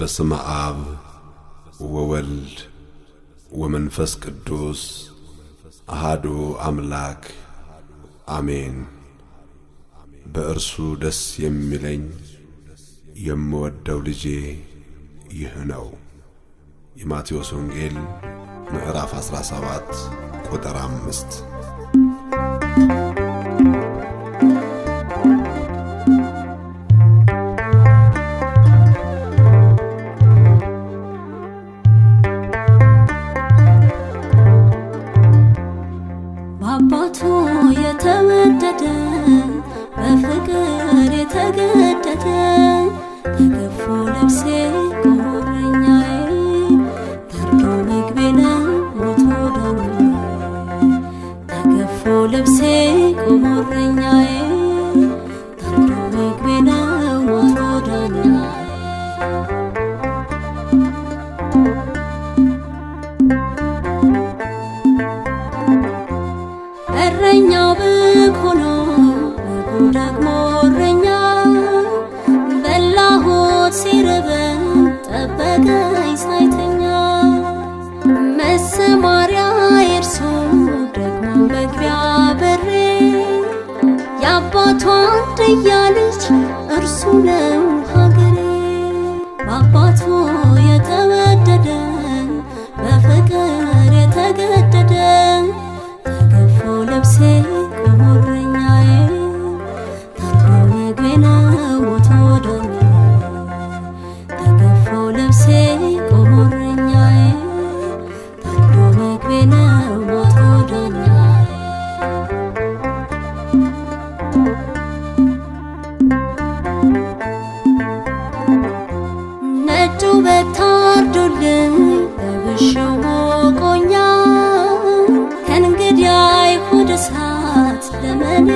በስመ አብ ወወልድ ወመንፈስ ቅዱስ አሃዱ አምላክ አሜን። በእርሱ ደስ የሚለኝ የምወደው ልጄ ይህ ነው። የማቴዎስ ወንጌል ምዕራፍ 17 ቁጥር 5 በአባቱ የተወደደ በፍቅር የተገደደ ተገፎ ሲርበን ጠበቀኝ ሳይተኛ መሰማሪያ የእርሱ ደግሞ መግቢያ በሬ የአባቷ አንድያ ልጅ እርሱ ነው ሀገሬ በአባቱ ሽቦ ቆኛ ከእንግዲህ አይሁድ እሳት ለመኔ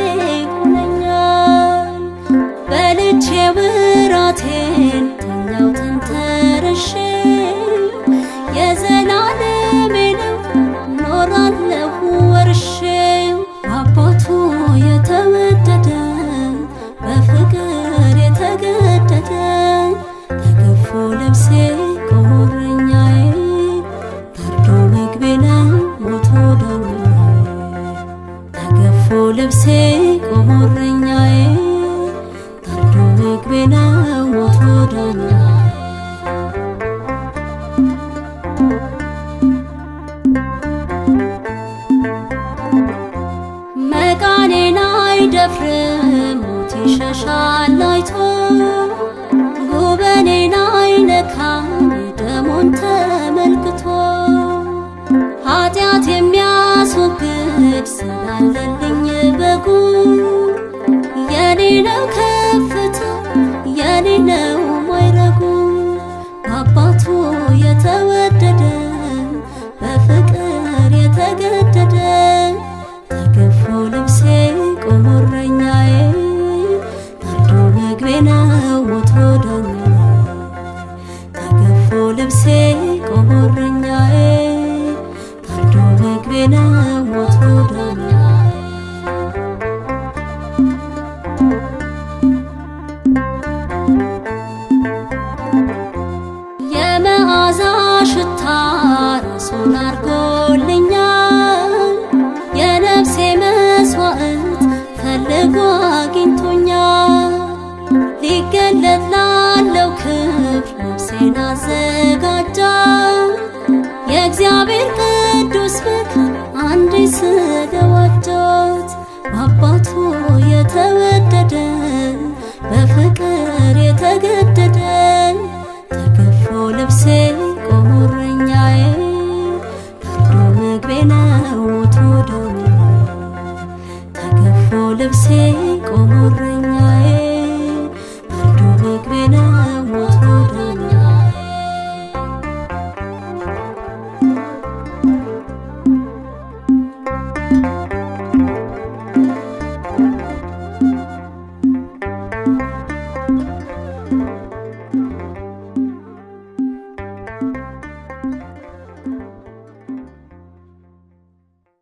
ነፍሴ ቆሞረኛዬ ታርዶ ምግቤ ነው ሞት ዳኛዬ መቃኔን አይደፍርም ሞት ይሸሻል አይቶ ጉበኔን አይነካም ደሞን ተመልክቶ ኃጢአት የሚያስወግድ ስላለልኝ never አዘጋጃ የእግዚአብሔር ቅዱስ ፍቅር አንድ አባቱ የተወደደ በፍቅር የተገደደ ተገፎ ልብሴ ቆሞረኛዬ ምግቤ ነው ተገፎ ልብሴ